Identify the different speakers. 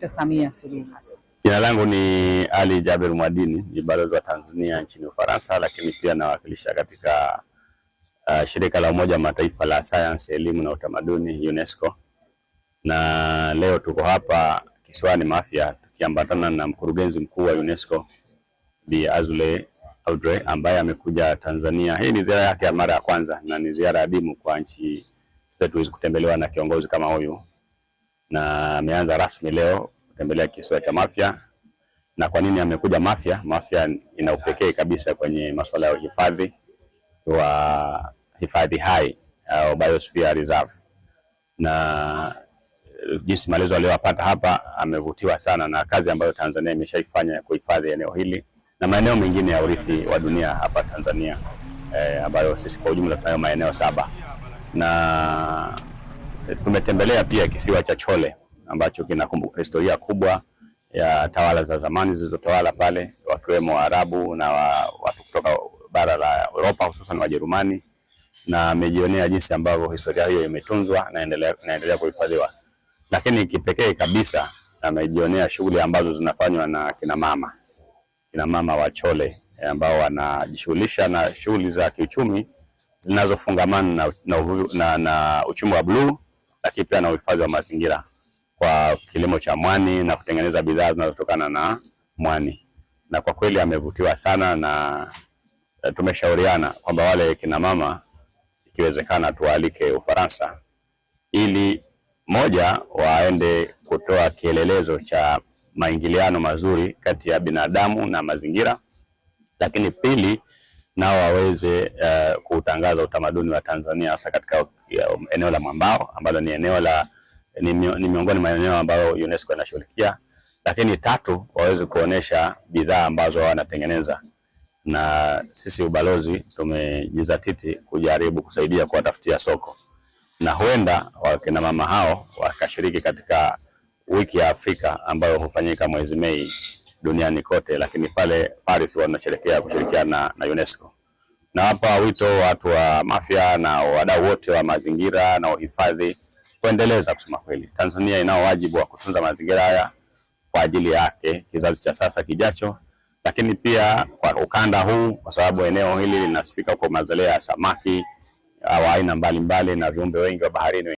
Speaker 1: Dr. Samia Suluhu Hassan. Jina langu ni Ali Jaber Mwadini, ni balozi wa Tanzania nchini Ufaransa, lakini pia nawakilisha katika uh, shirika la Umoja wa Mataifa la sayansi, elimu na utamaduni UNESCO, na leo tuko hapa kisiwani Mafia tukiambatana na mkurugenzi mkuu wa UNESCO Bi Azule Audre ambaye amekuja Tanzania. Hii ni ziara yake ya mara ya kwanza na ni ziara adimu kwa nchi zetu hizi kutembelewa na kiongozi kama huyu na ameanza rasmi leo kutembelea kisiwa cha Mafia. Na kwa nini amekuja Mafia? Mafia ina upekee kabisa kwenye masuala ya uhifadhi wa hifadhi hai au biosphere reserve, na jinsi maelezo aliyopata hapa, amevutiwa sana na kazi ambayo Tanzania imeshaifanya kuhifadhi eneo hili na maeneo mengine ya urithi wa dunia hapa Tanzania, eh, ambayo sisi kwa ujumla tunayo maeneo saba na Tumetembelea pia kisiwa cha Chole ambacho kina historia kubwa ya tawala za zamani zilizotawala pale, wakiwemo Waarabu na wa, watu kutoka bara la Europa hususan Wajerumani, na amejionea jinsi ambavyo historia hiyo imetunzwa na inaendelea kuhifadhiwa. Lakini kipekee kabisa amejionea shughuli ambazo zinafanywa na kina mama, kina mama wa Chole ambao wanajishughulisha na shughuli za kiuchumi zinazofungamana na, na, na, na uchumi wa bluu lakini pia na uhifadhi wa mazingira kwa kilimo cha mwani na kutengeneza bidhaa zinazotokana na mwani, na kwa kweli amevutiwa sana na eh, tumeshauriana kwamba wale kina mama ikiwezekana tuwaalike Ufaransa ili moja waende kutoa kielelezo cha maingiliano mazuri kati ya binadamu na mazingira, lakini pili nao waweze uh, eh, kuutangaza utamaduni wa Tanzania hasa katika um, eneo la mwambao ambalo ni eneo la ni, miongoni mwa eneo ambayo UNESCO inashughulikia, lakini tatu, waweze kuonesha bidhaa ambazo wanatengeneza, na sisi ubalozi tumejizatiti kujaribu kusaidia kuwatafutia soko, na huenda wakina mama hao wakashiriki katika wiki ya Afrika ambayo hufanyika mwezi Mei duniani kote, lakini pale Paris wanasherekea kushirikiana na UNESCO. hapa wito watu wa Mafia na wadau wote wa mazingira na uhifadhi kuendeleza. Kusema kweli, Tanzania inao wajibu wa kutunza mazingira haya kwa ajili yake kizazi cha sasa kijacho, lakini pia kwa ukanda huu, kwa sababu eneo hili linasifika kwa mazalia ya samaki wa aina mbalimbali na viumbe wengi wa baharini.